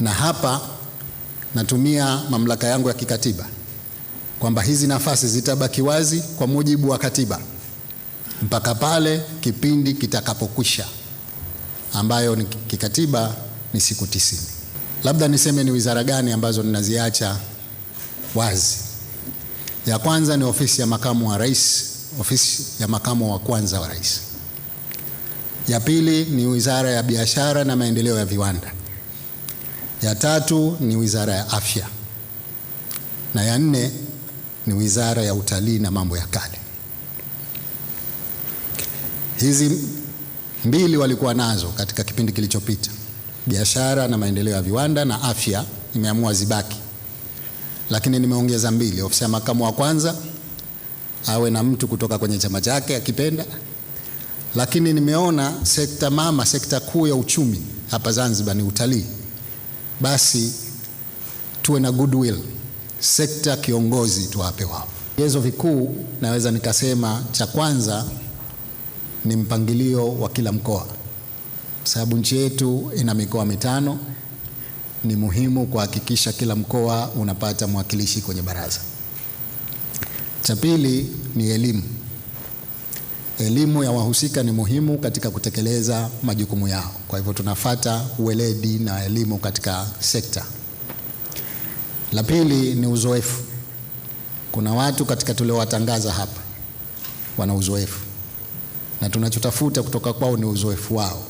na hapa natumia mamlaka yangu ya kikatiba kwamba hizi nafasi zitabaki wazi kwa mujibu wa katiba mpaka pale kipindi kitakapokwisha, ambayo ni kikatiba ni siku tisini. Labda niseme ni wizara gani ambazo ninaziacha wazi. Ya kwanza ni ofisi ya makamu wa rais, ofisi ya makamu wa kwanza wa rais. Ya pili ni wizara ya biashara na maendeleo ya viwanda ya tatu ni wizara ya afya, na ya nne ni wizara ya utalii na mambo ya kale. Hizi mbili walikuwa nazo katika kipindi kilichopita, biashara na maendeleo ya viwanda na afya, nimeamua zibaki, lakini nimeongeza mbili. Ofisi ya makamu wa kwanza awe na mtu kutoka kwenye chama chake akipenda, lakini nimeona sekta mama, sekta kuu ya uchumi hapa Zanzibar ni utalii basi tuwe na goodwill. Sekta kiongozi tuwape wao. Vigezo vikuu naweza nikasema, cha kwanza ni mpangilio wa kila mkoa, kwa sababu nchi yetu ina mikoa mitano. Ni muhimu kuhakikisha kila mkoa unapata mwakilishi kwenye baraza. Cha pili ni elimu. Elimu ya wahusika ni muhimu katika kutekeleza majukumu yao. Kwa hivyo tunafata uweledi na elimu katika sekta. La pili ni uzoefu. Kuna watu katika tuliowatangaza hapa wana uzoefu, na tunachotafuta kutoka kwao ni uzoefu wao.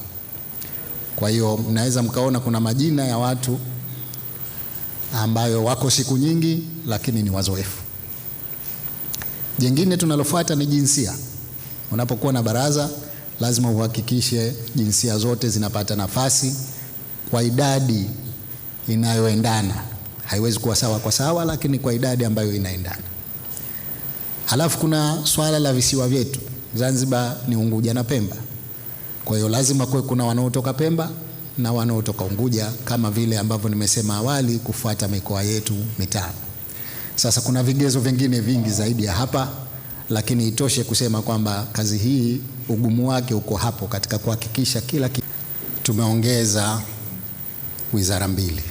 Kwa hiyo mnaweza mkaona kuna majina ya watu ambayo wako siku nyingi, lakini ni wazoefu. jingine tunalofuata ni jinsia. Unapokuwa na baraza lazima uhakikishe jinsia zote zinapata nafasi kwa idadi inayoendana. Haiwezi kuwa sawa kwa sawa, lakini kwa idadi ambayo inaendana. Halafu kuna swala la visiwa vyetu. Zanzibar ni Unguja na Pemba, kwa hiyo lazima kuwe kuna wanaotoka Pemba na wanaotoka Unguja, kama vile ambavyo nimesema awali, kufuata mikoa yetu mitano. Sasa kuna vigezo vingine vingi zaidi ya hapa lakini itoshe kusema kwamba kazi hii ugumu wake uko hapo katika kuhakikisha kila kitu. Tumeongeza wizara mbili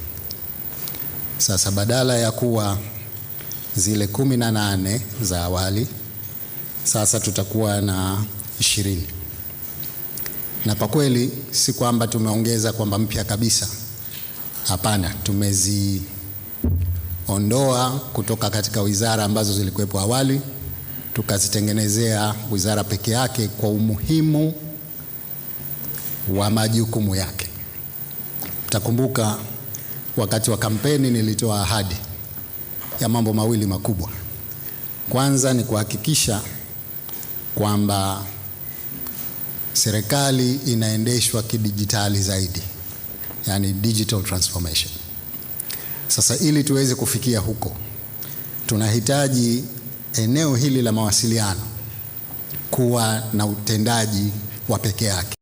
sasa, badala ya kuwa zile kumi na nane za awali, sasa tutakuwa na ishirini. Na kwa kweli si kwamba tumeongeza kwamba mpya kabisa, hapana, tumeziondoa kutoka katika wizara ambazo zilikuwepo awali tukazitengenezea wizara peke yake kwa umuhimu wa majukumu yake. Mtakumbuka wakati wa kampeni nilitoa ahadi ya mambo mawili makubwa. Kwanza ni kuhakikisha kwamba serikali inaendeshwa kidijitali zaidi, yani digital transformation. Sasa ili tuweze kufikia huko tunahitaji eneo hili la mawasiliano kuwa na utendaji wa peke yake.